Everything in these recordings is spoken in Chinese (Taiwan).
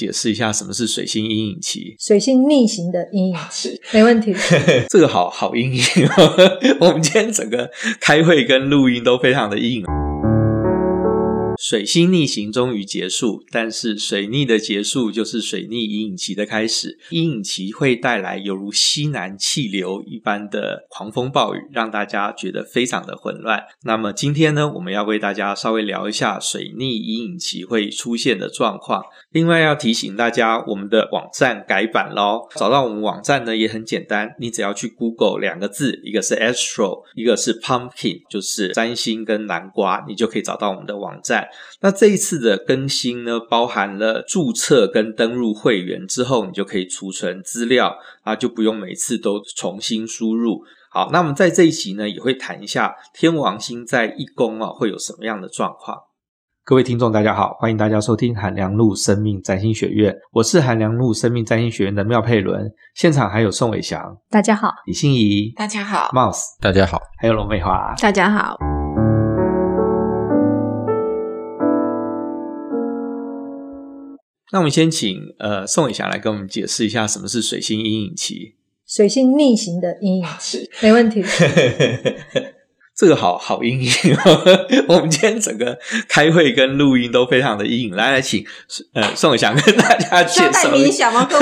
解釋一下什麼是水星陰影期？水星逆行的陰影期， 沒問題。 這個好好陰影哦， 我們今天整個開會跟錄音都非常的硬哦。水星逆行終於結束，但是水逆的結束就是水逆陰影期的開始。陰影期會帶來猶如西南氣流一般的狂風暴雨，讓大家覺得非常的混亂。那麼今天呢，我們要為大家稍微聊一下水逆陰影期會出現的狀況。另外要提醒大家，我們的網站改版嘍，找到我們網站呢也很簡單，你只要去 Google 兩個字，一個是 Astro，一個是 Pumpkin，就是占星跟南瓜，你就可以找到我們的網站。那這一次的更新呢，包含了註冊跟登入會員之後，你就可以儲存資料啊，那就不用每次都重新輸入。好，那我們在這一集呢，也會談一下天王星在一宮啊，會有什麼樣的狀況。各位聽眾大家好，歡迎大家收聽韓良露生命占星學院，我是韓良露生命占星學院的妙佩倫，現場還有宋偉翔，大家好；李欣怡，大家好；Mouse，大家好；Mouse, 家好，還有龍美華，大家好。那我們先請呃宋雨翔，來跟我們解釋一下什麼是水星陰影期，水星逆行的陰影期，沒問題。 這個好好陰影哦， 我們今天整個開會跟錄音都非常的陰影。來來，請呃宋雨翔 跟大家解釋一下。要帶音響嗎？啊，各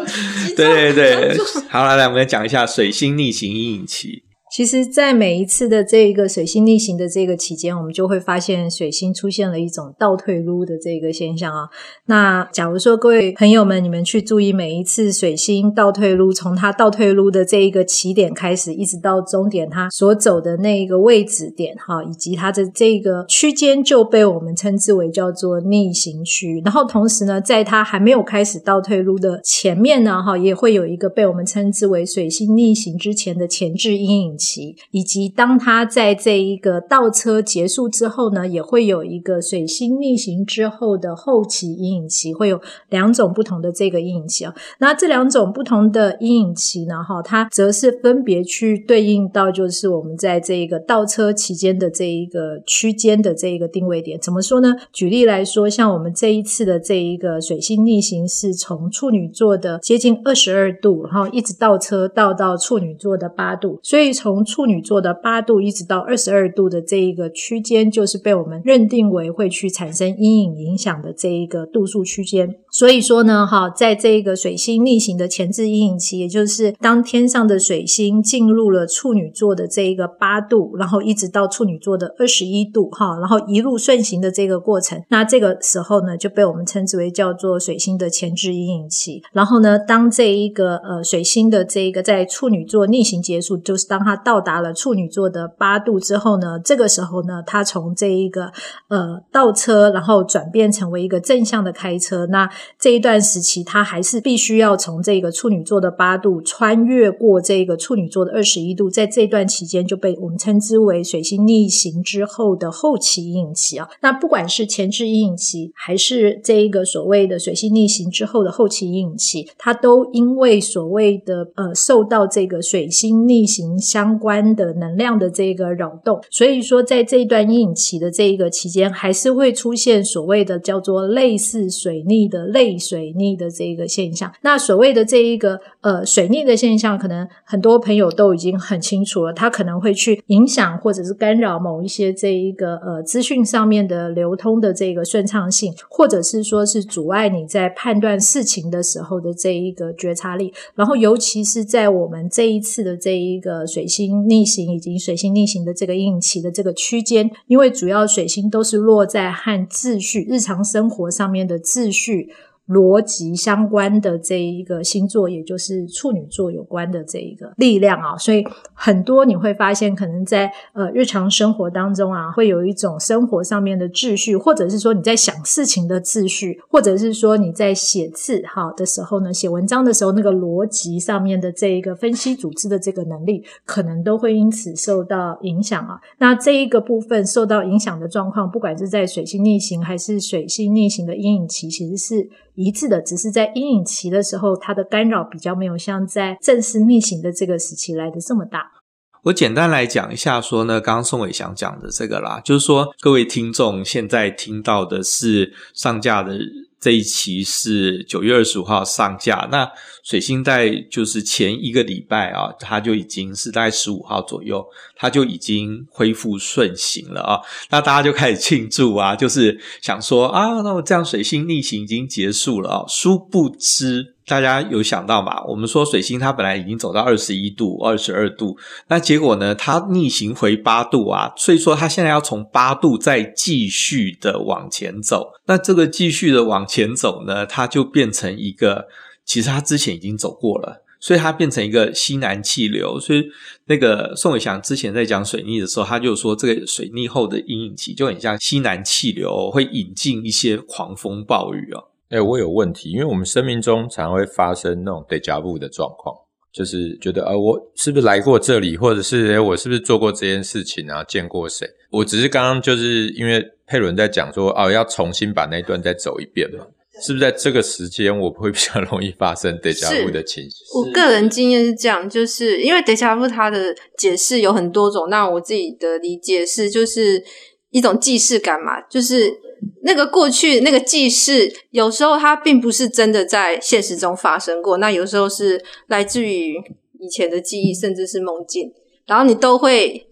位？ 對對對，好來來我們來講一下水星逆行陰影期。其實，在每一次的這個水星逆行的這個期間，我們就會發現水星出現了一種倒退嚕的這個現象啊。那假如說各位朋友們，你們去注意每一次水星倒退嚕，從它倒退嚕的這一個起點開始，一直到終點，它所走的那一個位置點哈，以及它的這個區間就被我們稱之為叫做逆行區。然後同時呢，在它還沒有開始倒退嚕的前面呢，哈，也會有一個被我們稱之為水星逆行之前的前置陰影期，以及當它在這一個倒車結束之後呢，也會有一個水星逆行之後的後期陰影期，會有兩種不同的這個陰影期。那這兩種不同的陰影期呢，哈，它則是分別去對應到就是我們在這一個倒車期間的這一個區間的這一個定位點。怎麼說呢？舉例來說，像我們這一次的這一個水星逆行是從處女座的接近二十二度，然後一直倒車倒到處女座的八度，所以從從處女座的八度一直到二十二度的這一個區間，就是被我們認定為會去產生陰影影響的這一個度數區間。所以說呢，哈，在這個水星逆行的前置陰影期，也就是當天上的水星進入了處女座的這一個八度，然後一直到處女座的二十一度，哈，然後一路順行的這個過程，那這個時候呢，就被我們稱之為叫做水星的前置陰影期。然後呢，當這一個呃水星的這一個在處女座逆行結束，就是當它到達了處女座的八度之後呢，這個時候呢，他從這一個呃倒車，然後轉變成為一個正向的開車。那這一段時期，他還是必須要從這個處女座的八度穿越過這個處女座的二十一度，在這段期間就被我們稱之為水星逆行之後的後期陰影期啊。那不管是前置陰影期，還是這一個所謂的水星逆行之後的後期陰影期，它都因為所謂的呃受到這個水星逆行相。關的能量的這個擾動，所以說在這一段陰影期的這一個期間，還是會出現所謂的叫做類似水逆的類水逆的這一個現象。那所謂的這一個呃水逆的現象，可能很多朋友都已經很清楚了。它可能會去影響或者是干擾某一些這一個呃資訊上面的流通的這個順暢性，或者是說是阻礙你在判斷事情的時候的這一個覺察力。然後尤其是在我們這一次的這一個水星。逆行以及水星逆行的這個陰影期的這個區間，因為主要水星都是落在和秩序、日常生活上面的秩序、邏輯相關的這一個星座，也就是處女座有關的這一個力量啊，所以很多你會發現，可能在呃日常生活當中啊，會有一種生活上面的秩序，或者是說你在想事情的秩序，或者是說你在寫字哈的時候呢，寫文章的時候，那個邏輯上面的這一個分析組織的這個能力，可能都會因此受到影響啊。那這一個部分受到影響的狀況，不管是在水星逆行，還是水星逆行的陰影期，其實是。一致的，只是在陰影期的時候，它的干擾比較沒有像在正式逆行的這個時期來得這麼大。我簡單來講一下，說呢，剛剛宋偉祥講的這個啦，就是說各位聽眾現在聽到的是上架的這一期，是九月二十五號上架，那水星在就是前一個禮拜啊，它就已經是大概十五號左右，它就已經恢復順行了啊，那大家就開始慶祝啊，就是想說啊，那我這樣水星逆行已經結束了啊，殊不知。大家有想到嘛？我們說水星它本來已經走到二十一度、二十二度，那結果呢，它逆行回八度啊，所以說它現在要從八度再繼續的往前走。那這個繼續的往前走呢，它就變成一個，其實它之前已經走過了，所以它變成一個西南氣流。所以那個宋偉祥之前在講水逆的時候，他就說這個水逆後的陰影期就很像西南氣流，會引進一些狂風暴雨啊、哦。誒、欸、我有問題，因為我們生命中常常會發生那種 deja vu 的狀況，就是覺得，啊，我是不是來過這裡，或者是，欸、我是不是做過這件事情啊，見過誰？我只是剛剛就是因為佩倫在講說，哦、啊，要重新把那一段再走一遍嘛，是不是在這個時間我會比較容易發生 deja vu 的情緒？我個人經驗是這樣，就是因為 deja vu 它的解釋有很多種，那我自己的理解是，就是一種既視感嘛，就是。那個過去那個既視，有時候它並不是真的在現實中發生過，那有時候是來自於以前的記憶，甚至是夢境，然後你都會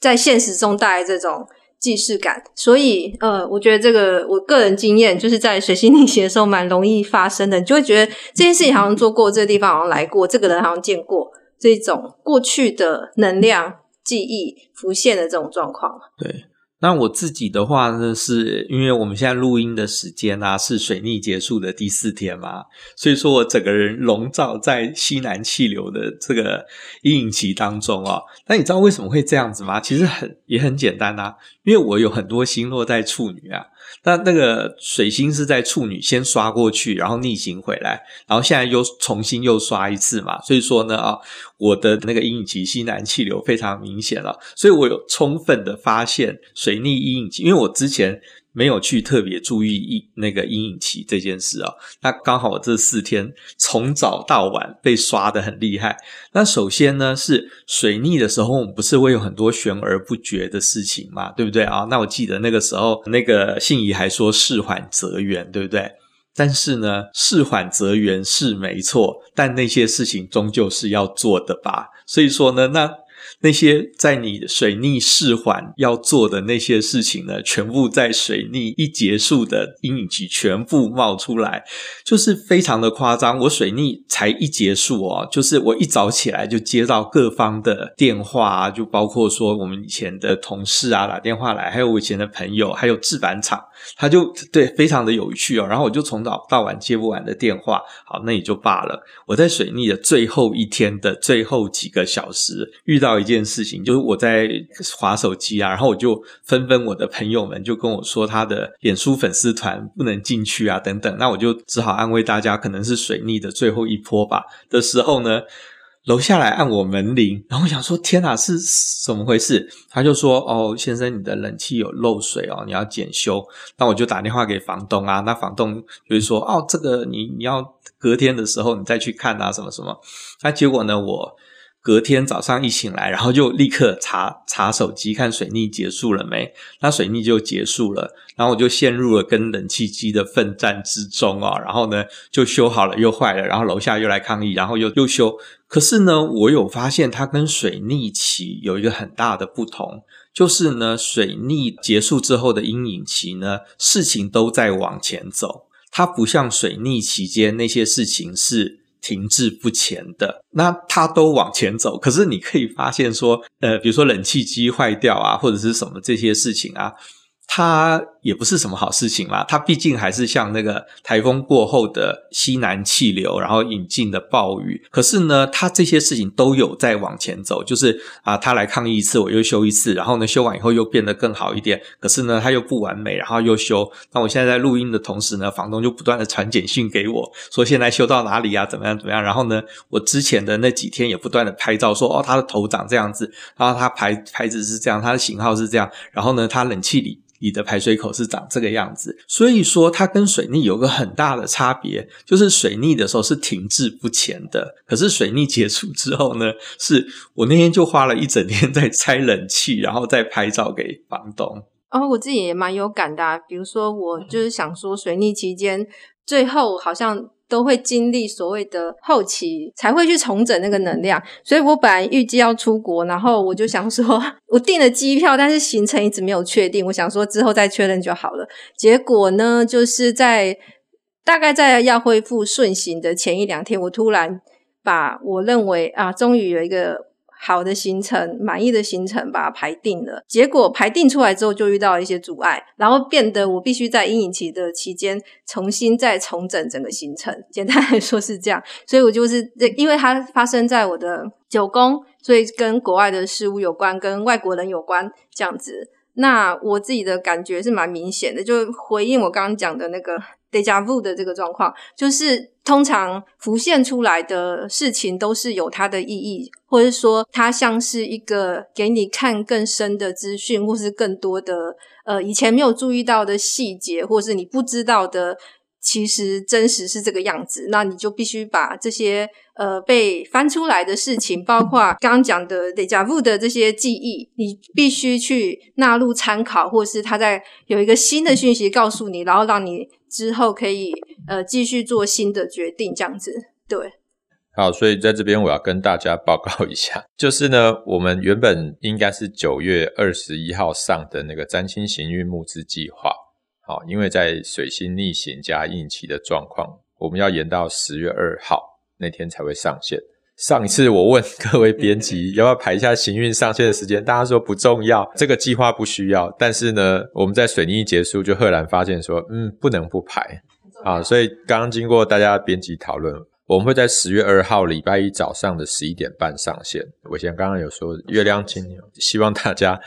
在現實中帶來這種既視感。所以，呃，我覺得這個我個人經驗，就是在水星逆行的時候，蠻容易發生的，你就會覺得這件事情好像做過，嗯、這個地方好像來過，這個人好像見過，這種過去的能量記憶浮現的這種狀況。對。那我自己的話呢，是因為我們現在錄音的時間啊，是水逆結束的第四天嘛，所以說我整個人籠罩在西南氣流的這個陰影期當中啊。那你知道為什麼會這樣子嗎？其實很也很簡單吶，啊，因為我有很多星落在處女啊，那那個水星是在處女先刷過去，然後逆行回來，然後現在又重新又刷一次嘛，所以說呢啊。我的那個陰影期西南氣流非常明顯了，啊，所以我有充分的發現水逆陰影期，因為我之前沒有去特別注意一那個陰影期這件事哦，啊，那剛好我這四天從早到晚被刷得很厲害。那首先呢是水逆的時候，我們不是會有很多懸而不決的事情嘛，對不對啊？那我記得那個時候那個信宜還說事緩則圓，對不對？但是呢，事緩則圓是沒錯，但那些事情終究是要做的吧。所以說呢，那。那些在你水逆釋緩要做的那些事情呢，全部在水逆一結束的陰影期全部冒出來，就是非常的誇張。我水逆才一結束哦，就是我一早起來就接到各方的電話啊，就包括說我們以前的同事啊打電話來，還有我以前的朋友，還有製版廠，他就對非常的有趣哦。然後我就從早到晚接不完的電話，好，那也就罷了。我在水逆的最後一天的最後幾個小時遇到一件件事情就是我在滑手機啊，然後我就紛紛我的朋友們就跟我說他的臉書粉絲團不能進去啊等等，那我就只好安慰大家可能是水逆的最後一波吧。的時候呢，樓下來按我門鈴，然後我想說天哪、啊、是怎麼回事？他就說哦，先生你的冷氣有漏水哦，你要檢修。那我就打電話給房東啊，那房東就是說哦，這個你你要隔天的時候你再去看啊什麼什麼。那、啊、結果呢我。隔天早上一醒來，然後就立刻查查手機，看水逆結束了沒？那水逆就結束了，然後我就陷入了跟冷氣機的奮戰之中啊！然後呢，就修好了又壞了，然後樓下又來抗議，然後又又修。可是呢，我有發現它跟水逆期有一個很大的不同，就是呢，水逆結束之後的陰影期呢，事情都在往前走，它不像水逆期間那些事情是。停滯不前的，那它都往前走。可是你可以發現說，呃，比如說冷氣機壞掉啊，或者是什麼這些事情啊。它也不是什麼好事情啦，它畢竟還是像那個颱風過後的西南氣流，然後引進的暴雨。可是呢，它這些事情都有在往前走，就是啊，它來抗議一次，我又修一次，然後呢，修完以後又變得更好一點。可是呢，它又不完美，然後又修。那我現在在錄音的同時呢，房東就不斷的傳簡訊給我，說現在修到哪裡啊？怎麼樣怎麼樣？然後呢，我之前的那幾天也不斷的拍照說，說哦，它的頭長這樣子，然後它牌牌子是這樣，它的型號是這樣，然後呢，它冷氣裡。你的排水口是長這個樣子，所以說它跟水逆有個很大的差別，就是水逆的時候是停滯不前的，可是水逆結束之後呢，是我那天就花了一整天在拆冷氣，然後再拍照給房東。哦，我自己也蠻有感的啊，比如說我就是想說，水逆期間最後好像，都會經歷所謂的後期，才會去重整那個能量。所以我本來預計要出國，然後我就想說，我訂了機票，但是行程一直沒有確定。我想說之後再確認就好了。結果呢，就是在大概在要恢復順行的前一兩天，我突然把我認為啊，終於有一個好的行程，滿意的行程，把它排定了。結果排定出來之後，就遇到一些阻礙，然後變得我必須在陰影期的期間重新再重整整個行程。簡單來說是這樣，所以我就是因為它發生在我的九宮，所以跟國外的事物有關，跟外國人有關這樣子。那我自己的感覺是蠻明顯的，就回應我剛剛講的那個 deja vu 的這個狀況，就是通常浮現出來的事情都是有它的意義。或是說，它像是一個給你看更深的資訊，或是更多的呃，以前沒有注意到的細節，或是你不知道的，其實真實是這個樣子。那你就必須把這些呃被翻出來的事情，包括剛剛講的 deja vu 的這些記憶，你必須去納入參考，或是他在有一個新的訊息告訴你，然後讓你之後可以呃繼續做新的決定，這樣子，對。好，所以在這邊我要跟大家報告一下，就是呢，我們原本應該是九月二十一號上的那個占星行運募資計劃，好，因為在水星逆行加陰影期的狀況，我們要延到十月二號那天才會上線。上一次我問各位編輯 要不要排一下行運上線的時間，大家說不重要，這個計劃不需要。但是呢，我們在水逆一結束就赫然發現說，嗯，不能不排，啊，所以剛剛經過大家編輯討論。我們會在十月二號禮拜一早上的十一點半上線。我先剛剛有說月亮金牛，希望大家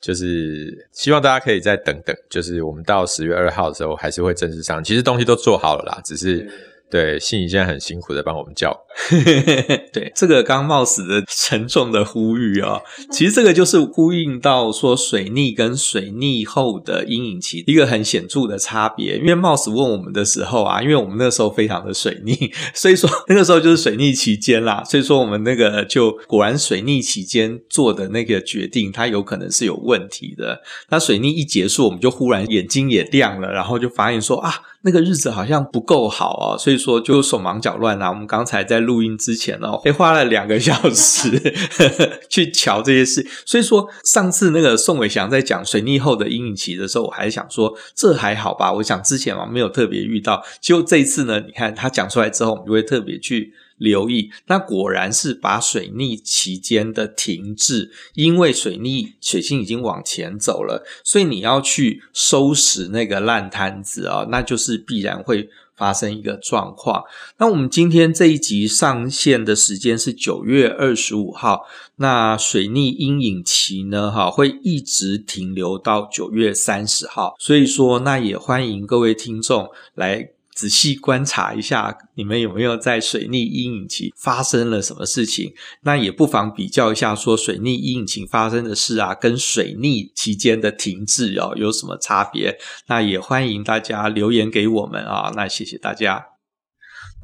就是希望大家可以再等等，就是我們到十月二號的時候還是會正式上，其實東西都做好了啦，只是。對，信宜現在很辛苦的幫我們叫，嘿嘿嘿嘿。對，這個剛冒死的沉重的呼籲哦，其實這個就是呼應到說水逆跟水逆後的陰影期一個很顯著的差別。因為冒死問我們的時候啊，因為我們那時候非常的水逆，所以說那個時候就是水逆期間啦。所以說我們那個就果然水逆期間做的那個決定，它有可能是有問題的。那水逆一結束，我們就忽然眼睛也亮了，然後就發現說啊，那個日子好像不夠好哦，所以。就說就手忙腳亂啦，我們剛才在錄音之前哦、喔，還花了兩個小時 去喬這些事。所以說，上次那個宋偉祥在講水逆後的陰影期的時候，我還是想說這還好吧。我想之前嘛沒有特別遇到，結果這次呢，你看他講出來之後，我們就會特別去留意。那果然是把水逆期間的停滯，因為水逆水星已經往前走了，所以你要去收拾那個爛攤子啊、喔，那就是必然會。發生一個狀況，那我們今天這一集上線的時間是九月二十五號，那水逆陰影期呢，哈，會一直停留到九月三十號，所以說，那也歡迎各位聽眾來。仔細觀察一下，你們有沒有在水逆陰影期發生了什麼事情？那也不妨比較一下，說水逆陰影期發生的事啊，跟水逆期間的停滯哦有什麼差別？那也歡迎大家留言給我們啊。那謝謝大家。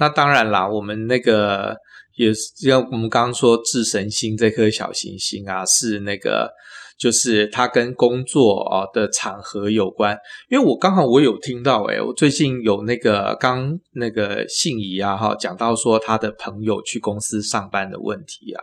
那當然啦，我們那個也是，像我們剛剛說智神星這顆小行星啊，是那個。就是他跟工作啊的場合有關，因為我剛好我有聽到、欸，誒，我最近有那個剛那個信宜啊，哈，講到說他的朋友去公司上班的問題啊，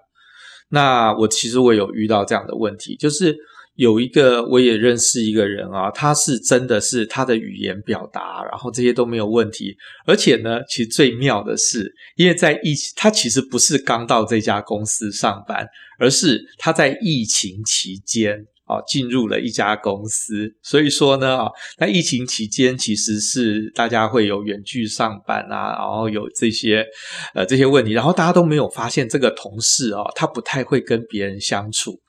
那我其實我有遇到這樣的問題，就是。有一個我也認識一個人啊，他是真的是他的語言表達，然後這些都沒有問題。而且呢，其實最妙的是，因為在疫情，他其實不是剛到這家公司上班，而是他在疫情期間啊進入了一家公司。所以說呢啊，在疫情期間其實是大家會有遠距上班啊，然後有這些呃這些問題，然後大家都沒有發現這個同事啊，他不太會跟別人相處。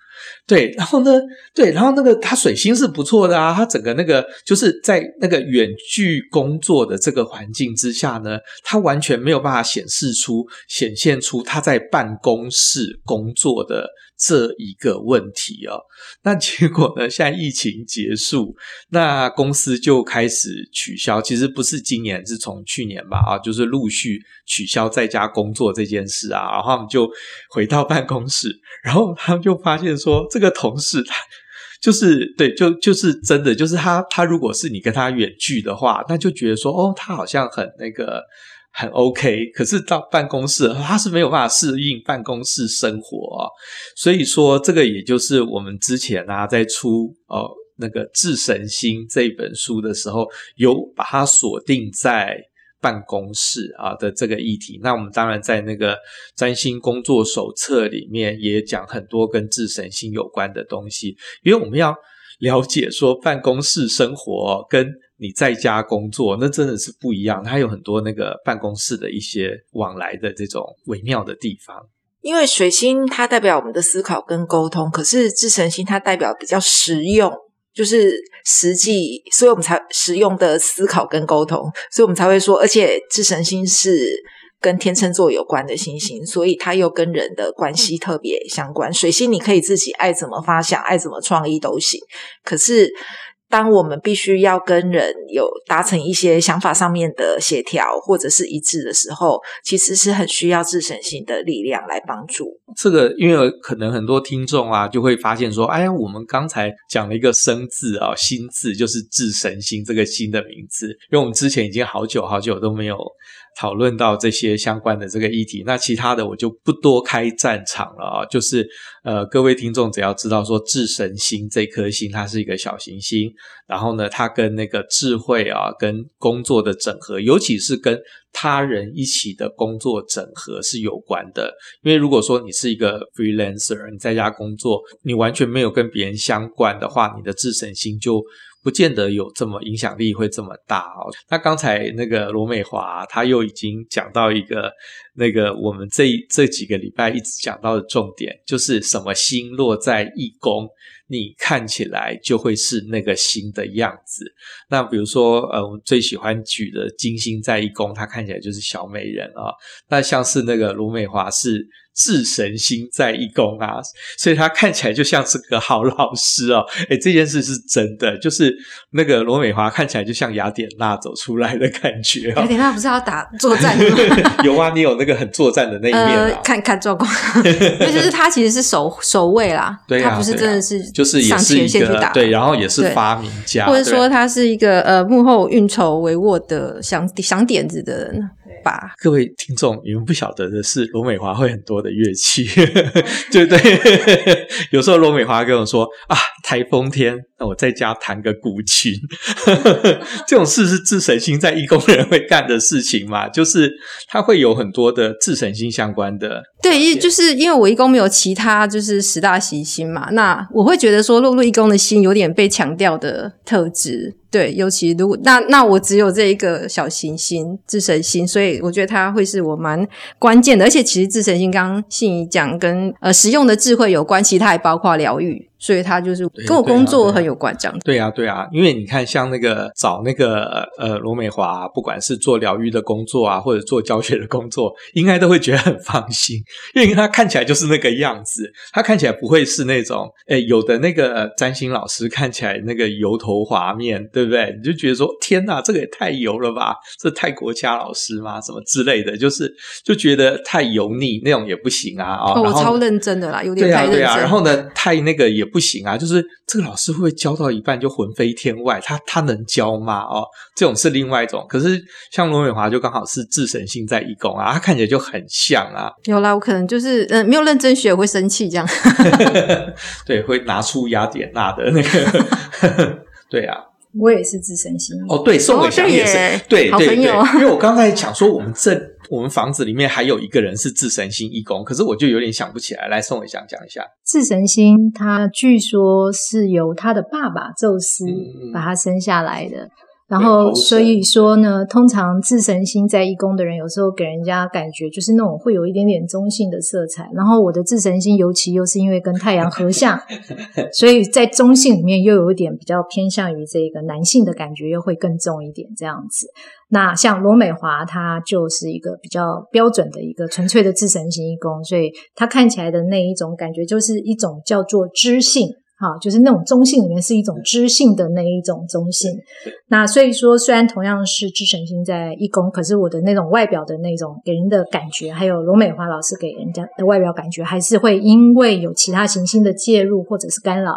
對，然後呢，對，然後那個他水星是不錯的啊，他整個那個就是在那個遠距工作的這個環境之下呢，他完全沒有辦法顯示出顯現出他在辦公室工作的這一個問題哦，那結果呢？現在疫情結束，那公司就開始取消，其實不是今年，是從去年吧啊，就是陸續取消在家工作這件事啊，然後他們就回到辦公室，然後他們就發現說，這個同事他，就是對，就就是真的，就是他他如果是你跟他遠距的話，那就覺得說，哦，他好像很那個。很 OK，可是到辦公室他是沒有辦法適應辦公室生活哦，所以說這個也就是我們之前啊在出哦，呃，那個智神星這本書的時候，有把它鎖定在辦公室啊的這個議題。那我們當然在那個占星工作手冊裡面也講很多跟智神星有關的東西，因為我們要了解說辦公室生活哦，跟。你在家工作，那真的是不一樣。它有很多那個辦公室的一些往來的這種微妙的地方。因為水星它代表我們的思考跟溝通，可是智神星它代表比較實用，就是實際，所以我們才實用的思考跟溝通，所以我們才會說，而且智神星是跟天秤座有關的星星，所以它又跟人的關係特別相關。水星你可以自己愛怎麼發想，愛怎麼創意都行，可是。當我們必須要跟人有達成一些想法上面的協調或者是一致的時候，其實是很需要智神星的力量來幫助。這個，因為可能很多聽眾啊，就會發現說：“哎呀，我們剛才講了一個‘生’字啊，‘心’字就是智神星這個‘星’的名字，因為我們之前已經好久好久都沒有。”討論到這些相關的這個議題，那其他的我就不多開戰場了啊。就是呃，各位聽眾只要知道說智神星這顆星它是一個小行星，然後呢，它跟那個智慧啊，跟工作的整合，尤其是跟他人一起的工作整合是有關的。因為如果說你是一個 freelancer，你在家工作，你完全沒有跟別人相關的話，你的智神星就。不見得有這麼影響力會這麼大哦。那剛才那個羅美華、啊，他又已經講到一個那個我們這這幾個禮拜一直講到的重點，就是什麼星落在一宮，你看起來就會是那個星的樣子。那比如說，呃、嗯，我最喜歡舉的金星在一宮，他看起來就是小美人啊、哦。那像是那個羅美華是，智神星在一宮啊，所以他看起來就像是個好老師哦、喔。哎、欸，這件事是真的，就是那個羅美華看起來就像雅典娜走出來的感覺、喔。雅典娜不是要打作戰的嗎？ 有啊，你有那個很作戰的那一面、啊呃、看看狀況，而 且 是他其實是守守衛啦，對啊、他不是真的是、啊、就是上前線去打，對，然後也是發明家，對對或者說他是一個呃幕後運籌帷幄的想想點子的人。吧，把各位聽眾，你們不曉得的是，羅美華會很多的樂器，呵呵呵對不對？ 有時候羅美華跟我說啊，台風天，那我在家彈個古琴，呵呵呵這種事是智神星在一宮人會幹的事情嘛？就是他會有很多的智神星相關的，對，就是因為我一宮沒有其他就是十大行星嘛，那我會覺得說，落入一宮的星有點被強調的特質。對，尤其如果那那我只有這一個小行星智神星，所以我覺得它會是我蠻關鍵的。而且其實智神星剛剛信宜講跟呃實用的智慧有關係，它也包括療癒。所以他就是跟我工作很有關，這樣對，對啊對啊，對啊，因為你看，像那個找那個呃羅美華、啊，不管是做療癒的工作啊，或者做教學的工作，應該都會覺得很放心，因為他看起來就是那個樣子，他看起來不會是那種哎，有的那個占星老師看起來那個油頭滑面，對不對？你就覺得說天吶，這個也太油了吧？這泰國掐老師嗎？什麼之類的，就是就覺得太油膩那種也不行啊我，哦哦、後超認真的啦，有點太認真對啊，對啊，然後呢，太那個油。不行啊！就是這個老師會教到一半就魂飛天外，他他能教嗎？哦，這種是另外一種。可是像羅永華就剛好是智神星在一宮啊，他看起來就很像啊。有啦，我可能就是嗯、呃，沒有認真學會生氣這樣。 對，會拿出雅典娜的那個。 對啊。我也是智神星哦。對，宋偉強也是好朋友對，因為我剛才講說我們這。嗯我們房子裡面還有一個人是智神星一宮，可是我就有點想不起來。來，宋偉祥講，講一下，智神星他據說是由他的爸爸宙斯把他生下來的。嗯嗯然後所以說呢，通常智神星在一宮的人，有時候給人家感覺就是那種會有一點點中性的色彩。然後我的智神星尤其又是因為跟太陽合相， 所以在中性裡面又有一點比較偏向於這個男性的感覺，又會更重一點這樣子。那像羅美華，她就是一個比較標準的一個純粹的智神星一宮，所以她看起來的那一種感覺就是一種叫做知性。好，就是那種中性裡面是一種知性的那一種中性，那所以說雖然同樣是智神星在一宮，可是我的那種外表的那種給人的感覺，還有羅美華老師給人家的外表感覺，還是會因為有其他行星的介入或者是干擾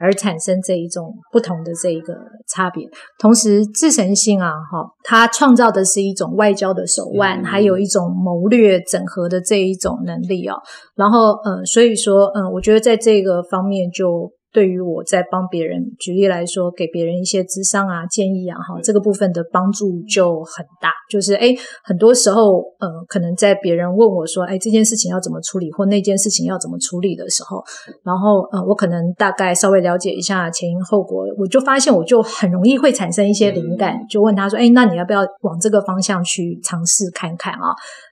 而產生這一種不同的這一個差別。同時，智神星啊，哈，它創造的是一種外交的手腕，嗯、還有一種謀略整合的這一種能力哦。然後，呃、嗯，所以說，嗯，我覺得在這個方面就。對於我在幫別人舉例來說，給別人一些諮商啊，建議啊，哈，這個部分的幫助就很大。就是哎，很多時候，呃，可能在別人問我說，哎，這件事情要怎麼處理，或那件事情要怎麼處理的時候，然後呃，我可能大概稍微了解一下前因後果，我就發現我就很容易會產生一些靈感，嗯、就問他說，哎，那你要不要往這個方向去嘗試看看啊？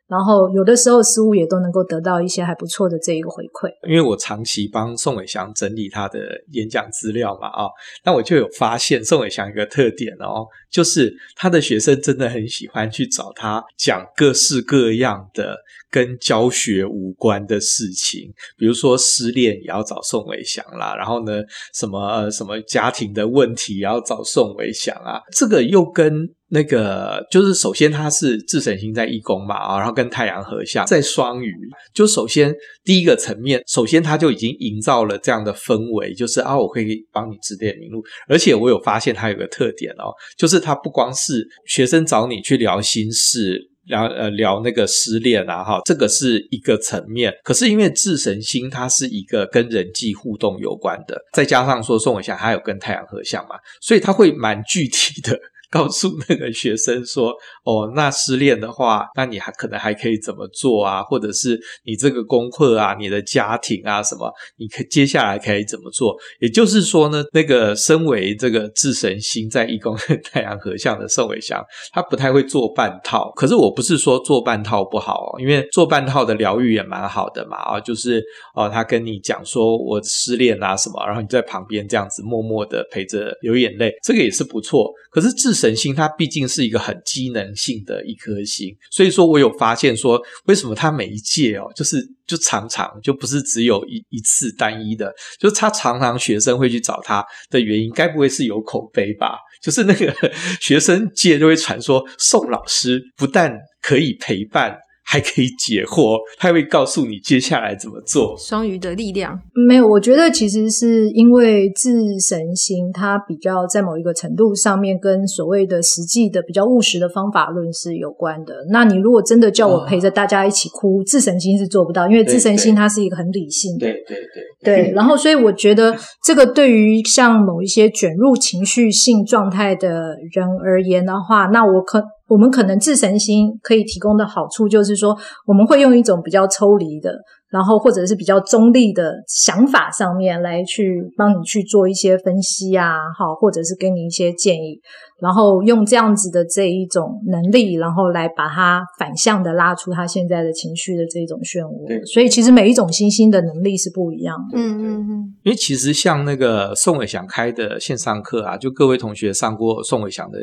然後有的時候失誤也都能夠得到一些還不錯的這一個回饋，因為我長期幫宋偉翔整理他的演講資料嘛、哦，啊，那我就有發現宋偉翔一個特點哦。就是他的學生真的很喜歡去找他講各式各樣的跟教學無關的事情，比如說失戀也要找宋偉翔啦，然後呢什麼、呃、什麼家庭的問題也要找宋偉翔啊，這個又跟那個就是，首先他是智神星在一宮嘛啊，然後跟太陽合相在雙魚，就首先第一個層面，首先他就已經營造了這樣的氛圍，就是啊我可以幫你指點明路，而且我有發現他有個特點哦，就是。他不光是學生找你去聊心事，聊呃聊那個失戀啊，哈，這個是一個層面。可是因為智神星，它是一個跟人際互動有關的，再加上說宋偉翔他有跟太陽合相嘛，所以他會蠻具體的。告訴那個學生說：“哦，那失戀的話，那你還可能還可以怎麼做啊？或者是你這個功課啊，你的家庭啊什麼，你可接下來可以怎麼做？也就是說呢，那個身為這個智神星在一宮的太陽合相的宋偉翔，他不太會做半套。可是我不是說做半套不好，哦，因為做半套的療癒也蠻好的嘛。啊、哦，就是哦，他跟你講說我失戀啊什麼，然後你在旁邊這樣子默默的陪着流眼淚，這個也是不錯。可是至神星它畢竟是一個很機能性的一顆星，所以說我有發現說，為什麼他每一屆哦，就是就常常就不是只有一一次單一的，就是他常常學生會去找他的原因，該不會是有口碑吧？就是那個學生界就會傳說，宋老師不但可以陪伴。還可以解惑，他會告訴你接下來怎麼做。雙魚的力量沒有，我覺得其實是因為智神星它比較在某一個程度上面跟所謂的實際的比較務實的方法論是有關的。那你如果真的叫我陪着大家一起哭，哦、智神星是做不到，因為智神星它是一個很理性。對對對對，對，對，然後所以我覺得這個對於像某一些捲入情緒性狀態的人而言的話，那我可。我們可能智神星可以提供的好處就是說，我們會用一種比較抽離的，然後或者是比較中立的想法上面來去幫你去做一些分析啊，好，或者是給你一些建議，然後用這樣子的這一種能力，然後來把它反向的拉出他現在的情緒的這種漩渦。對所以其實每一種星星的能力是不一樣的。嗯嗯嗯。因為其實像那個宋偉祥開的線上課啊，就各位同學上過宋偉祥的。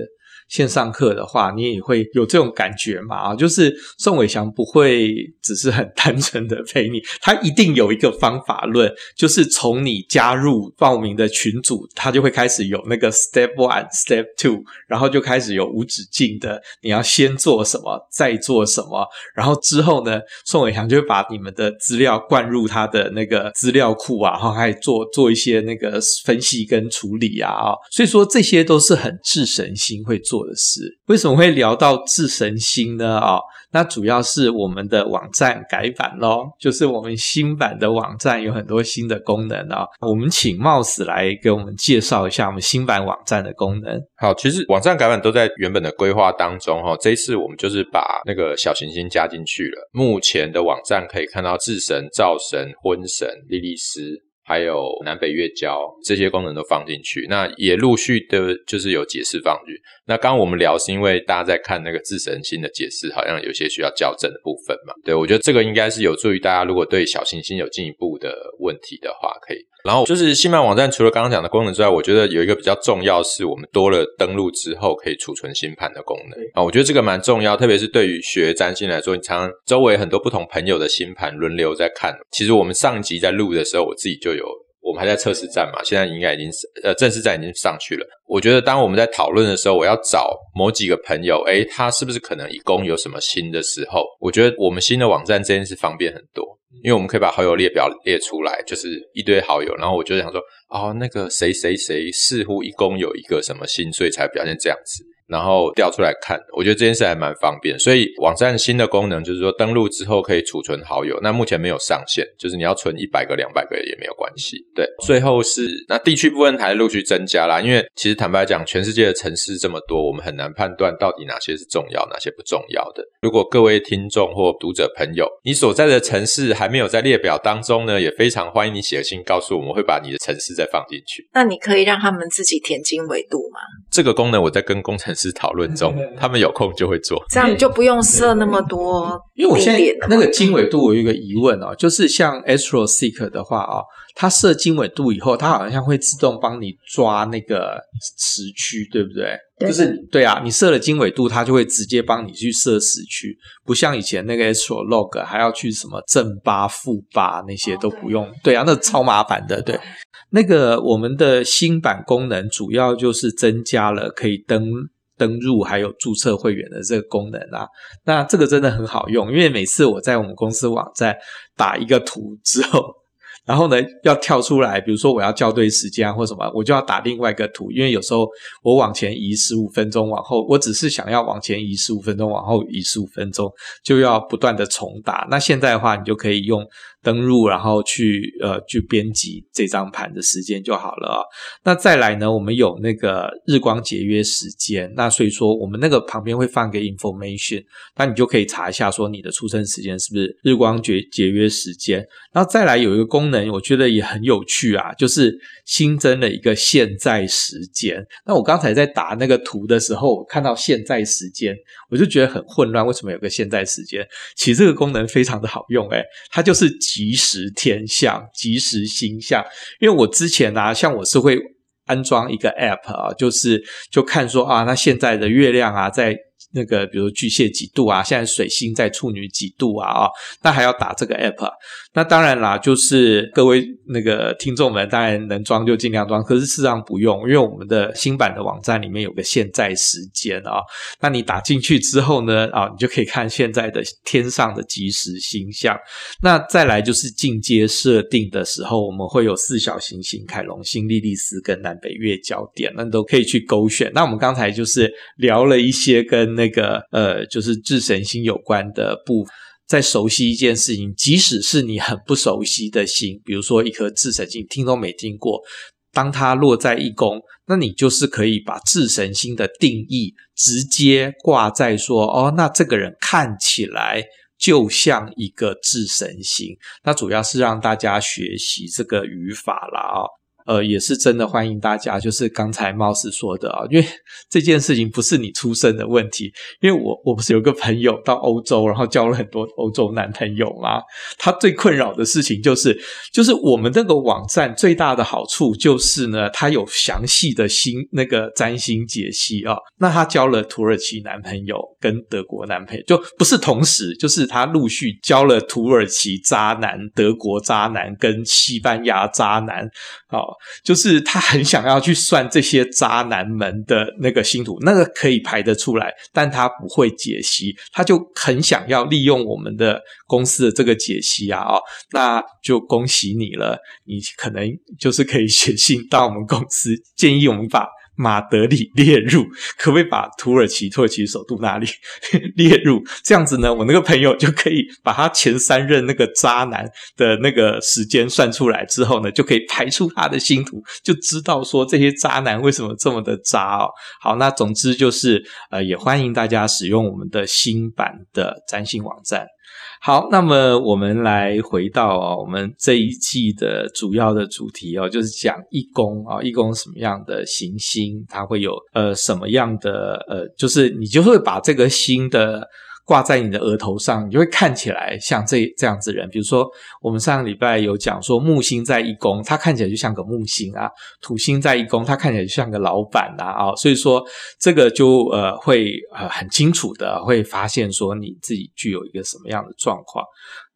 線上課的話，你也會有這種感覺嘛？啊，就是宋偉祥不會只是很單純的陪你，他一定有一個方法論，就是從你加入報名的群組，他就會開始有那個 step one, step two，然後就開始有無止境的，你要先做什麼，再做什麼，然後之後呢，宋偉祥就會把你們的資料灌入他的那個資料庫啊，然後還做做一些那個分析跟處理啊、哦，所以說這些都是很智神星會做，做的事，為什麼會聊到智神星呢？啊、哦，那主要是我們的網站改版咯，就是我們新版的網站有很多新的功能啊、哦。我們請 Mouse 來給我們介紹一下我們新版網站的功能。好，其實網站改版都在原本的規劃當中哈、哦。這一次我們就是把那個小行星加進去了。目前的網站可以看到智神、灶神、婚神、莉莉絲。還有南北月交這些功能都放進去，那也陸續的，就是有解釋放進去。那剛剛我們聊是因為大家在看那個智神星的解釋，好像有些需要校正的部分嘛。對，我覺得這個應該是有助於大家，如果對小行星有進一步的問題的話，可以。然後就是星盤網站，除了剛剛講的功能之外，我覺得有一個比較重要，是我們多了登入之後可以儲存星盤的功能啊。我覺得這個蠻重要，特別是對於學占星來說，你常常周圍很多不同朋友的星盤輪流在看。其實我們上一集在錄的時候，我自己就有，我們還在測試站嘛，現在應該已經呃正式站已經上去了。我覺得當我們在討論的時候，我要找某幾個朋友，哎，他是不是可能一宮有什麼星的時候，我覺得我們新的網站真的是方便很多。因為我們可以把好友列表列出來，就是一堆好友，然後我就想說，哦，那個誰誰誰似乎一宮有一個什麼星，所以才表現這樣子。然後調出來看，我覺得這件事還蠻方便。所以網站新的功能就是說，登錄之後可以儲存好友，那目前沒有上限，就是你要存一百個、兩百個也沒有關係。對，最後是那地區部分還陸續增加啦，因為其實坦白講，全世界的城市這麼多，我們很難判斷到底哪些是重要，哪些不重要的。如果各位聽眾或讀者朋友，你所在的城市還沒有在列表當中呢，也非常歡迎你寫個信告訴我們，我會把你的城市再放進去。那你可以讓他們自己填經緯度嗎？這個功能我在跟工程。是討論中，嗯、對對對，他們有空就會做，這樣你就不用設那麼多，哦。因為我現在那個經緯度，我有一個疑問哦，就是像 Astro Seek 的話哦，它設經緯度以後，它好像會自動幫你抓那個時區，對不對？對，對，對。就是對啊，你設了經緯度，它就會直接幫你去設時區，不像以前那個 Astro Log 還要去什麼正八、負八那些都不用。哦、對，對，對，對啊，那超麻煩的。對，嗯、那個我們的新版功能主要就是增加了可以登。登入還有註冊會員的這個功能啊，那這個真的很好用，因為每次我在我們公司網站打一個圖之後，然後呢要跳出來，比如說我要校對時間啊或什麼，我就要打另外一個圖，因為有時候我往前移十五分鐘，往後我只是想要往前移十五分鐘，往後移十五分鐘，就要不斷的重打。那現在的話，你就可以用。登入，然後去呃去編輯這張盤的時間就好了啊、哦。那再來呢，我們有那個日光節約時間，那所以說我們那個旁邊會放個 information，那你就可以查一下說你的出生時間是不是日光節節約時間？然後再來有一個功能，我覺得也很有趣啊，就是新增了一個現在時間。那我剛才在打那個圖的時候，我看到現在時間，我就覺得很混亂，為什麼有個現在時間？其實這個功能非常的好用、欸，誒，它就是。即時天象，即時星象，因為我之前啊，像我是會安裝一個 App 啊，就是就看說啊，那現在的月亮啊，在。那個，比如巨蟹幾度啊？現在水星在處女幾度啊、哦？啊，那還要打這個 app？那當然啦，就是各位那個聽眾們，當然能裝就儘量裝。可是事實上不用，因為我們的新版的網站裡面有個現在時間啊、哦。那你打進去之後呢？啊、哦，你就可以看現在的天上的即時星象。那再來就是進階設定的時候，我們會有四小行星、凱龍星、莉莉絲跟南北月交點，那都可以去勾選。那我們剛才就是聊了一些跟那個呃，就是智神星有關的部分，再熟悉一件事情，即使是你很不熟悉的星，比如說一顆智神星，聽都沒聽過，當它落在一宮，那你就是可以把智神星的定義直接掛在說，哦，那這個人看起來就像一個智神星，那主要是讓大家學習這個語法啦、哦。呃，也是真的歡迎大家，就是剛才貌似說的啊，因為這件事情不是你出生的問題，因為我我不是有個朋友到歐洲，然後交了很多歐洲男朋友嗎？他最困擾的事情就是，就是我們這個網站最大的好處就是呢，他有詳細的星那個占星解析啊。那他交了土耳其男朋友跟德國男朋友，就不是同時，就是他陸續交了土耳其渣男、德國渣男跟西班牙渣男，啊。就是他很想要去算這些渣男們的那個星圖，那個可以排得出來，但他不會解析，他就很想要利用我們的公司的這個解析啊。哦，那就恭喜你了，你可能就是可以寫信到我們公司，建議我們把。馬德里列入，可不可以把土耳其土耳其首都那裡 列入？這樣子呢，我那個朋友就可以把他前三任那個渣男的那個時間算出來之後呢，就可以排出他的星圖，就知道說這些渣男為什麼這麼的渣哦。好，那總之就是呃，也歡迎大家使用我們的新版的占星網站。好，那麼我們來回到啊，我們這一季的主要的主題哦，就是講一宮啊，一宮是什麼樣的行星，它會有呃什麼樣的呃，就是你就會把這個星的，掛在你的額頭上，你就會看起來像這這樣子人。比如說，我們上個禮拜有講說木星在一宮，它看起來就像個木星啊；土星在一宮，它看起來就像個老闆啊哦。所以說，這個就呃會呃很清楚的會發現說你自己具有一個什麼樣的狀況。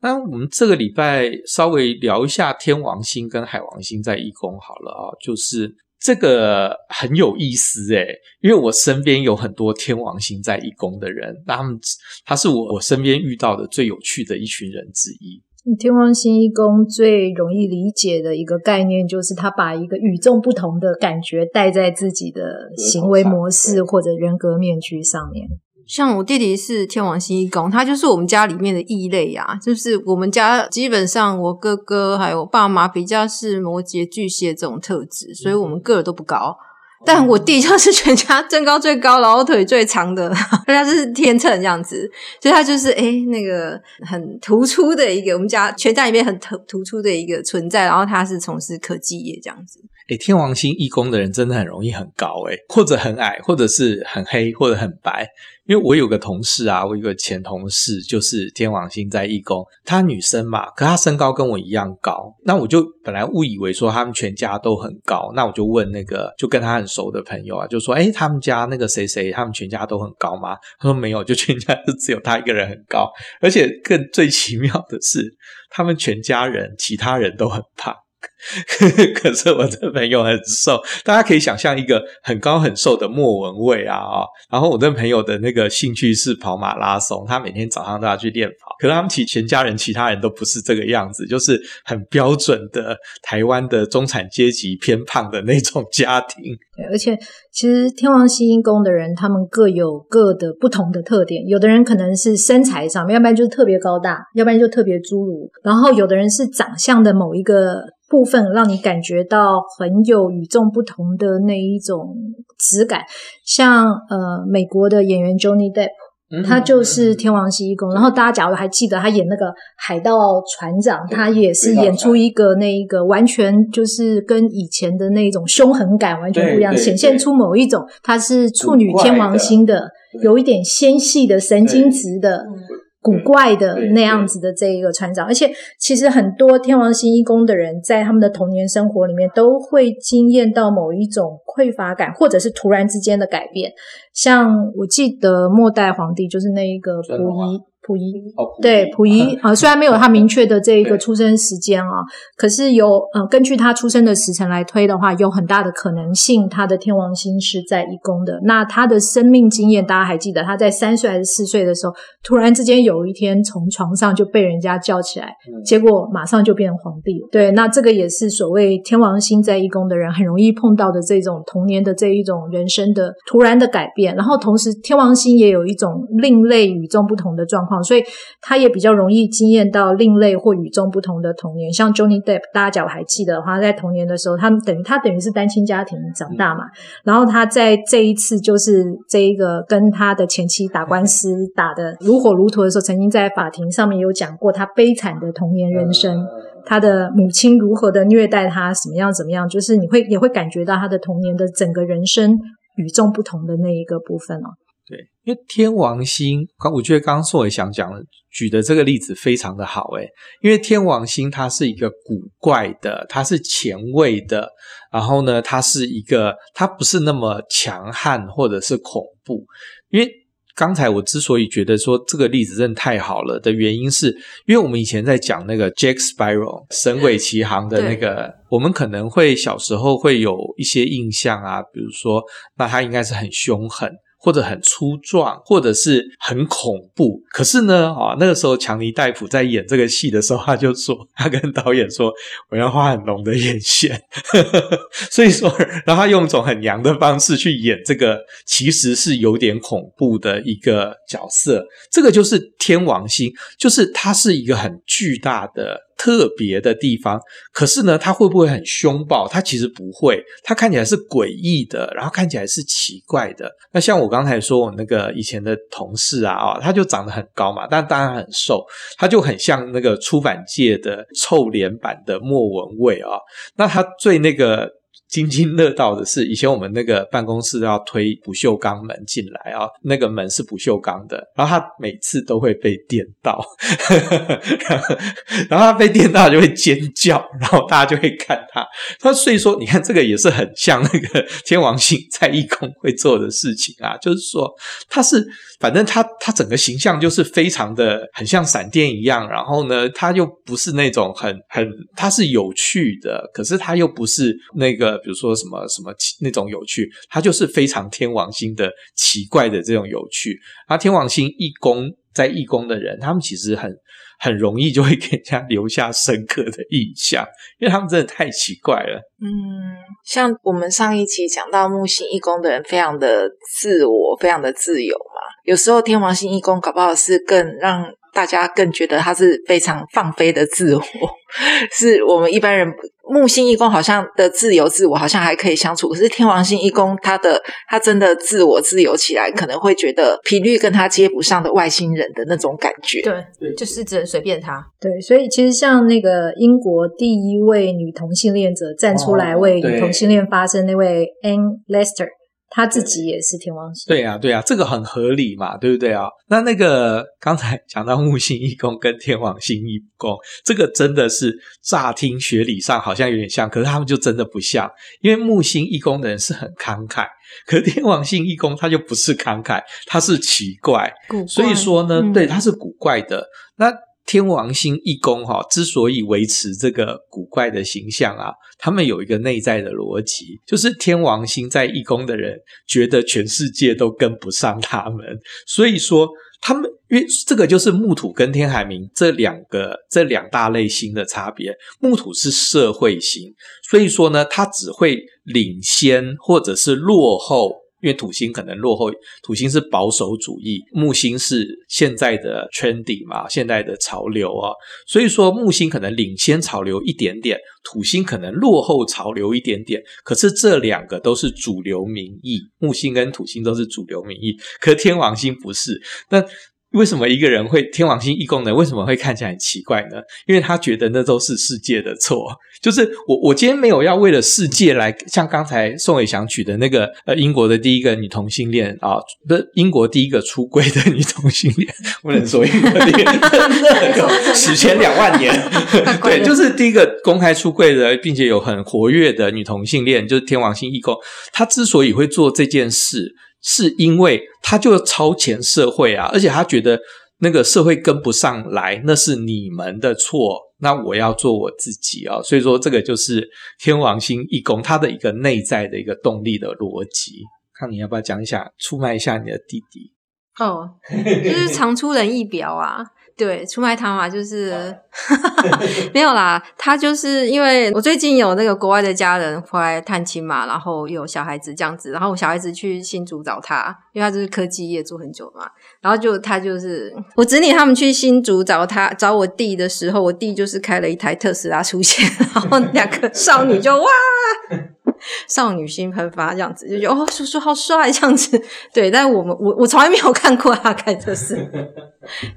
那我們這個禮拜稍微聊一下天王星跟海王星在一宮好了啊哦，就是。這個很有意思誒，因為我身邊有很多天王星在一宮的人，他們他是我我身邊遇到的最有趣的一群人之一。天王星一宮最容易理解的一個概念，就是他把一個與眾不同的感覺帶在自己的行為模式或者人格面具上面。像我弟弟是天王星一宮，他就是我們家裡面的異類呀、啊。就是我們家基本上，我哥哥還有我爸媽比較是摩羯巨蟹這種特質，所以我們個兒都不高。但我弟就是全家身高最高，然後腿最長的，他就是天秤這樣子，所以他就是誒那個很突出的一個，我們家全家裡面很突突出的一個存在。然後他是從事科技業這樣子。哎、欸，天王星一宮的人真的很容易很高，欸，哎，或者很矮，或者是很黑，或者很白。因為我有個同事啊，我有個前同事就是天王星在一宮，她女生嘛，可她身高跟我一樣高，那我就本來誤以為說他們全家都很高，那我就問那個就跟他很熟的朋友啊，就說，誒、欸，他們家那個誰誰，他們全家都很高嗎？他說沒有，就全家就只有他一個人很高，而且更最奇妙的是，他們全家人其他人都很胖。 可是我的朋友很瘦，大家可以想象一個很高很瘦的莫文蔚啊、哦、然後我的朋友的那個興趣是跑馬拉松，他每天早上都要去練跑。可是他們其全家人其他人都不是這個樣子，就是很標準的台灣的中產階級偏胖的那種家庭。對，而且其實天王星一宮的人，他們各有各的不同的特點。有的人可能是身材上面，要不然就是特別高大，要不然就特別侏儒。然後有的人是長相的某一個部分，份讓你感覺到很有與眾不同的那一種質感像，像呃美國的演員 Johnny Depp，、嗯、哼他就是天王星一宮，嗯、哼然後大家假如還記得他演那個海盜船長，對他也是演出一個那一個完全就是跟以前的那種凶狠感完全不一樣，對對對顯現出某一種他是處女天王星的，的有一點纖細的神經質的。古怪的那樣子的這一個船長，而且其實很多天王星一宮的人，在他們的童年生活裡面，都會經驗到某一種匱乏感，或者是突然之間的改變。像我記得末代皇帝就是那一個溥儀。溥儀、哦、對溥儀 啊，雖然沒有他明確的這一個出生時間啊，對可是有呃根據他出生的時辰來推的話，有很大的可能性他的天王星是在一宮的。那他的生命經驗，大家還記得他在三歲還是四歲的時候，突然之間有一天從床上就被人家叫起來，結果馬上就變成皇帝。嗯、對，那這個也是所謂天王星在一宮的人很容易碰到的這種童年的這一種人生的突然的改變。然後同時天王星也有一種另類與眾不同的狀況。所以他也比較容易經驗到另類或與眾不同的童年，像 Johnny Depp，大家如果還記得的話，他在童年的時候，他等於他等於是單親家庭長大嘛，嗯、然後他在這一次就是這一個跟他的前妻打官司打得如火如荼的時候，嗯、曾經在法庭上面有講過他悲慘的童年人生，嗯嗯、他的母親如何的虐待他，怎麼樣怎麼樣，就是你會也會感覺到他的童年的整個人生與眾不同的那一個部分哦。對，因為天王星，剛我覺得剛剛碩偉想講的舉的這個例子非常的好，誒，因為天王星它是一個古怪的，它是前衛的，然後呢，它是一個它不是那麼強悍或者是恐怖。因為剛才我之所以覺得說這個例子真的太好了的原因是，是因為我們以前在講那個《Jack Sparrow》神鬼奇航的那個，對我們可能會小時候會有一些印象啊，比如說那它應該是很凶狠。或者很粗壯，或者是很恐怖。可是呢，啊、哦，那個時候強尼戴普在演這個戲的時候，他就說，他跟導演說，我要畫很濃的眼線。呵呵呵。所以說，然後他用一種很娘的方式去演這個，其實是有點恐怖的一個角色。這個就是天王星，就是它是一個很巨大的。特別的地方，可是呢，他會不會很兇暴？他其實不會，他看起來是詭異的，然後看起來是奇怪的。那像我剛才說，我那個以前的同事啊，啊、哦，他就長得很高嘛，但當然很瘦，他就很像那個出版界的臭臉版的莫文蔚啊、哦。那他最那個。津津樂道的是，以前我們那個辦公室都要推不鏽鋼門進來啊，那個門是不鏽鋼的，然後他每次都會被電到， 然後他被電到就會尖叫，然後大家就會看他。他所以說，你看這個也是很像那個天王星在一宮做的事情啊，就是說他是，反正他他整個形象就是非常的很像閃電一樣，然後呢，他又不是那種很很他是有趣的，可是他又不是那個。比如說什麼什麼那種有趣，他就是非常天王星的奇怪的這種有趣。而、啊、天王星一宮在一宮的人，他們其實很很容易就會給人家留下深刻的印象，因為他們真的太奇怪了。嗯，像我們上一期講到木星一宮的人，非常的自我，非常的自由嘛。有時候天王星一宮搞不好是更讓。大家更覺得他是非常放飛的自我，是我們一般人木星一宮好像的自由自我，好像還可以相處。可是天王星一宮，他的他真的自我自由起來，可能會覺得頻率跟他接不上的外星人的那種感覺。對，就是只能隨便他。對，所以其實像那個英國第一位女同性戀者站出來為女同性戀發聲那位 Anne Lester。他自己也是天王星，對呀、嗯，對呀、啊啊，這個很合理嘛，對不對啊？那那個剛才講到木星一宮跟天王星一宮，這個真的是乍聽學理上好像有點像，可是他們就真的不像，因為木星一宮的人是很慷慨，可是天王星一宮他就不是慷慨，他是奇怪、古怪，所以說呢，嗯、對，他是古怪的。那，天王星一宮哈，之所以維持這個古怪的形象啊，他們有一個內在的邏輯，就是天王星在一宮的人覺得全世界都跟不上他們，所以說他們，因為這個就是木土跟天海冥這兩個這兩大類型的差別，木土是社會星，所以說呢，他只會領先或者是落後，因為土星可能落後，土星是保守主義，木星是現在的 trendy 嘛，現在的潮流啊，所以說木星可能領先潮流一點點，土星可能落後潮流一點點，可是這兩個都是主流民意，木星跟土星都是主流民意，可天王星不是，那。為什麼一個人會天王星一宮呢？為什麼會看起來很奇怪呢？因為他覺得那都是世界的錯。就是我，我今天沒有要為了世界來，像剛才宋偉祥舉的那個，呃，英國的第一個女同性戀啊，不是英國第一個出櫃的女同性戀，不能說英國第一個，真的史前兩萬年， 對，就是第一個公開出櫃的，並且有很活躍的女同性戀，就是天王星一宮，他之所以會做這件事。是因為他就超前社會啊，而且他覺得那個社會跟不上來，那是你們的錯，那我要做我自己啊。所以說，這個就是天王星一宮他的一個內在的一個動力的邏輯。看你要不要講一下，出賣一下你的弟弟哦，就是常出人意表啊。 對，出賣他嘛，就是哈哈哈。 沒有啦。他就是因為我最近有那個國外的家人回來探親嘛，然後有小孩子這樣子，然後我小孩子去新竹找他，因為他就是科技業做很久嘛，然後就他就是我侄女他們去新竹找他找我弟的時候，我弟就是開了一台特斯拉出現，然後兩個少女就哇。 少女心噴發，這樣子，就覺得哦，叔叔好帥，這樣子。對，但我們我我從來沒有看過他開車是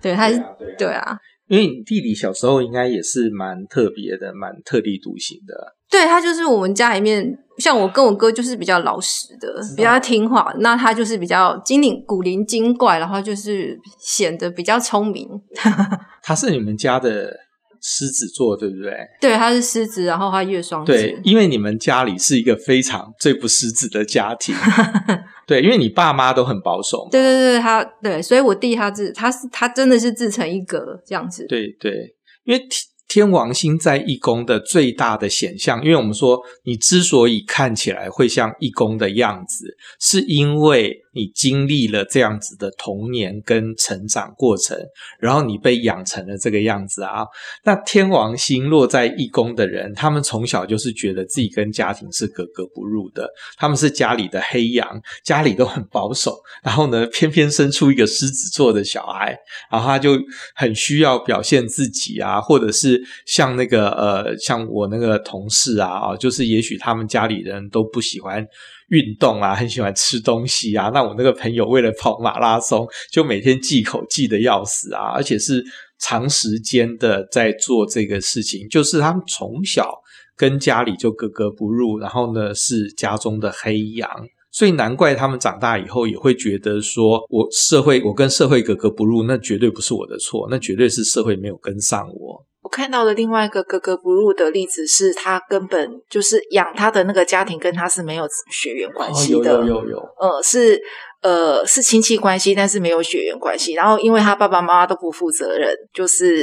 對，他是對啊，對啊對啊，因為你弟弟小時候應該也是蠻特別的，蠻特立獨行的。對，他就是我們家裡面，像我跟我哥就是比較老實的，啊、比較聽話，那他就是比較精靈、古靈精怪，然後就是顯得比較聰明。 他是你們家的？獅子座對不對？對，他是獅子，然後他月雙子。對，因為你們家裡是一個非常最不獅子的家庭。 對，因為你爸媽都很保守嘛。對對對，他對，所以我弟他自他是他真的是自成一格這樣子。對對，因為天王星在一宮的最大的顯象，因為我們說你之所以看起來會像一宮的樣子，是因為。你經歷了這樣子的童年跟成長過程，然後你被養成了這個樣子啊。那天王星落在一宮的人，他們從小就是覺得自己跟家庭是格格不入的，他們是家裡的黑羊，家裡都很保守。然後呢，偏偏生出一個獅子座的小孩，然後他就很需要表現自己啊，或者是像那個呃，像我那個同事啊，啊，就是也許他們家裡人都不喜歡。運動啊，很喜歡吃東西啊。那我那個朋友為了跑馬拉松，就每天忌口忌得要死啊，而且是長時間的在做這個事情。就是他們從小跟家裡就格格不入，然後呢，是家中的黑羊，所以難怪他們長大以後也會覺得說，我社會，我跟社會格格不入，那絕對不是我的錯，那絕對是社會沒有跟上我。看到的另外一個格格不入的例子是，他根本就是養他的那個家庭跟他是沒有血緣關係的，哦、有有有有，呃，是呃是親戚關係，但是沒有血緣關係。然後因為他爸爸媽媽都不負責任，就是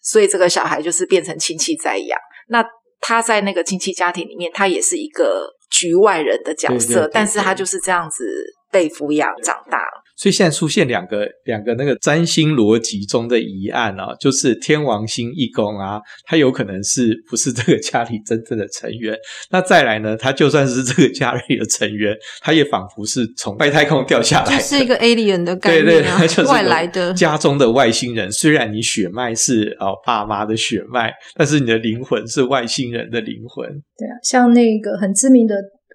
所以這個小孩就是變成親戚在養。那他在那個親戚家庭裡面，他也是一個局外人的角色，對對對對。但是他就是這樣子被撫養長大。所以現在出現兩個兩個那個占星邏輯中的疑案啊，就是天王星一宮啊，他有可能是不是這個家裡真正的成員？那再來呢，他就算是這個家裡的成員，他也仿佛是從外太空掉下來，是一個 alien 的概念、對對，外來的。家中的外星人，雖然你血脈是哦爸媽的血脈，但是你的靈魂是外星人的靈魂。對啊，像那個很知名的。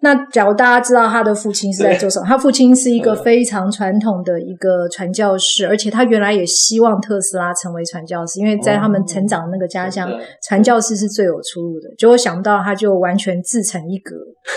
那假如大家知道他的父親是在做什麼，對他父親是一個非常傳統的一個傳教士，嗯、而且他原來也希望特斯拉成為傳教士，因為在他們成長的那個家鄉，嗯、傳教士是最有出路的。結果想不到他就完全自成一格，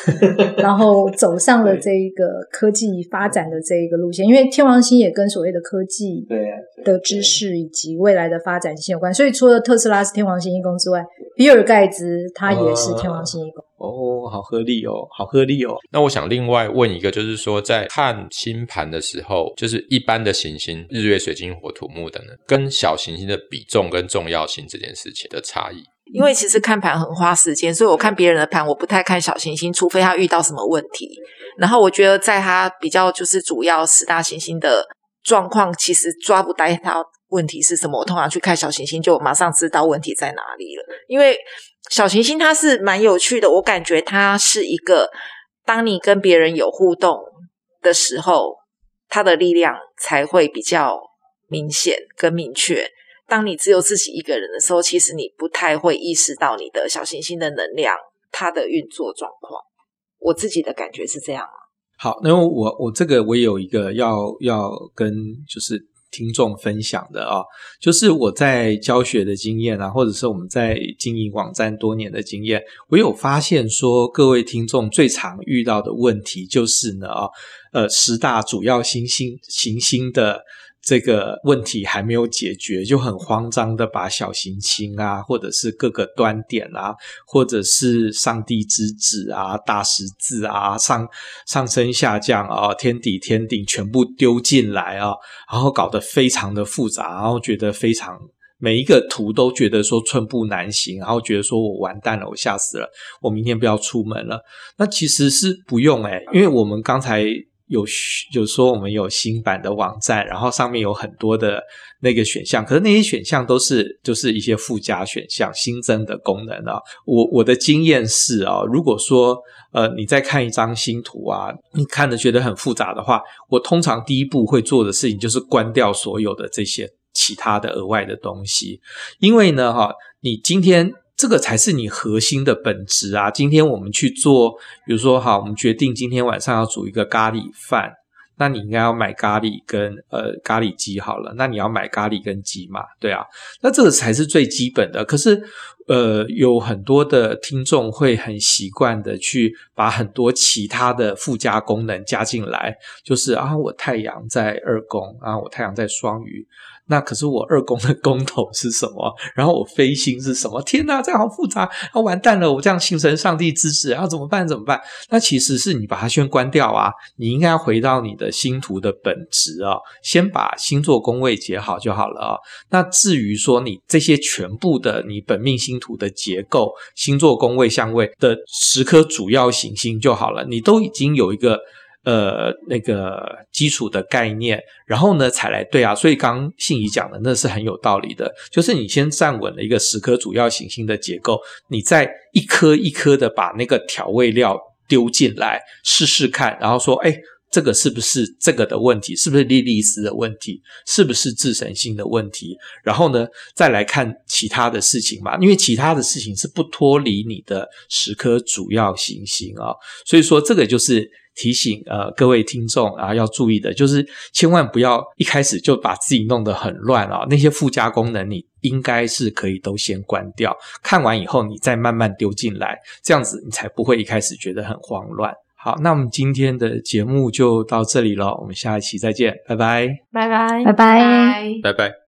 然後走上了這一個科技發展的這一個路線。因為天王星也跟所謂的科技、對的知識以及,的以及未來的發展性有關，所以除了特斯拉是天王星一宮之外，比爾蓋茨他也是天王星一宮。嗯哦，好合理哦，好合理哦。那我想另外問一個，就是說，在看星盤的時候，就是一般的行星、日月、水金、火、土、木等呢，跟小行星的比重跟重要性這件事情的差異。因為其實看盤很花時間，所以我看別人的盤，我不太看小行星，除非他遇到什麼問題。然後我覺得，在他比較就是主要十大行星的狀況，其實抓不到他問題是什麼。我通常去看小行星，就馬上知道問題在哪裡了，因為。小行星它是蠻有趣的，我感覺它是一個，當你跟別人有互動的時候，它的力量才會比較明顯跟明確。當你只有自己一個人的時候，其實你不太會意識到你的小行星的能量，它的運作狀況。我自己的感覺是這樣。好，那我我這個我也有一個要要跟就是。聽眾分享的啊、哦，就是我在教學的經驗啊，或者是我們在經營網站多年的經驗，我有發現說，各位聽眾最常遇到的問題就是呢、哦、呃，十大主要行星，行星的。這個問題還沒有解決，就很慌張的把小行星啊，或者是各個端點啊，或者是上帝之指啊、大十字啊、上上升下降啊、天底天頂全部丟進來啊，然後搞得非常的複雜，然後覺得非常，每一個圖都覺得說寸步難行，然後覺得說我完蛋了，我嚇死了，我明天不要出門了。那其實是不用誒，欸，因為我們剛才。有，有、就是、說我們有新版的網站，然後上面有很多的那個選項，可是那些選項都是就是一些附加選項，新增的功能啊。我我的經驗是啊，如果說呃你在看一張星圖啊，你看着覺得很複雜的話，我通常第一步會做的事情就是關掉所有的這些其他的額外的東西，因為呢哈、啊，你今天。這個才是你核心的本質啊！今天我們去做，比如說，好，我們決定今天晚上要煮一個咖喱飯，那你應該要買咖喱跟呃咖喱雞好了，那你要買咖喱跟雞嘛，對啊，那這個才是最基本的。可是，呃，有很多的聽眾會很習慣的去把很多其他的附加功能加進來，就是啊，我太陽在二宮啊，我太陽在雙魚。那可是我二宮的宮頭是什麼？然後我飛星是什麼？天哪，這樣好複雜啊！完蛋了，我這樣形成上帝之指，然後怎麼辦？怎麼辦？那其實是你把它先關掉啊！你應該要回到你的星圖的本質啊、哦，先把星座宮位解好就好了啊、哦。那至於說你這些全部的你本命星圖的結構、星座宮位相位的十顆主要行星就好了，你都已經有一個。呃，那個基礎的概念，然後呢，才來對啊。所以剛剛信儀講的那是很有道理的，就是你先站穩了一個十顆主要行星的結構，你再一顆一顆的把那個調味料丟進來，試試看，然後說，哎，這個是不是這個的問題？是不是莉莉絲的問題？是不是智神星的問題？然後呢，再來看其他的事情嘛，因為其他的事情是不脫離你的十顆主要行星啊、哦。所以說，這個就是。提醒，呃各位聽眾啊，要注意的就是，千萬不要一開始就把自己弄得很亂啊、哦。那些附加功能，你應該是可以都先關掉，看完以後你再慢慢丟進來，這樣子你才不會一開始覺得很慌亂。好，那我們今天的節目就到這裡了，我們下一期再見，拜拜，拜拜，拜拜，拜拜。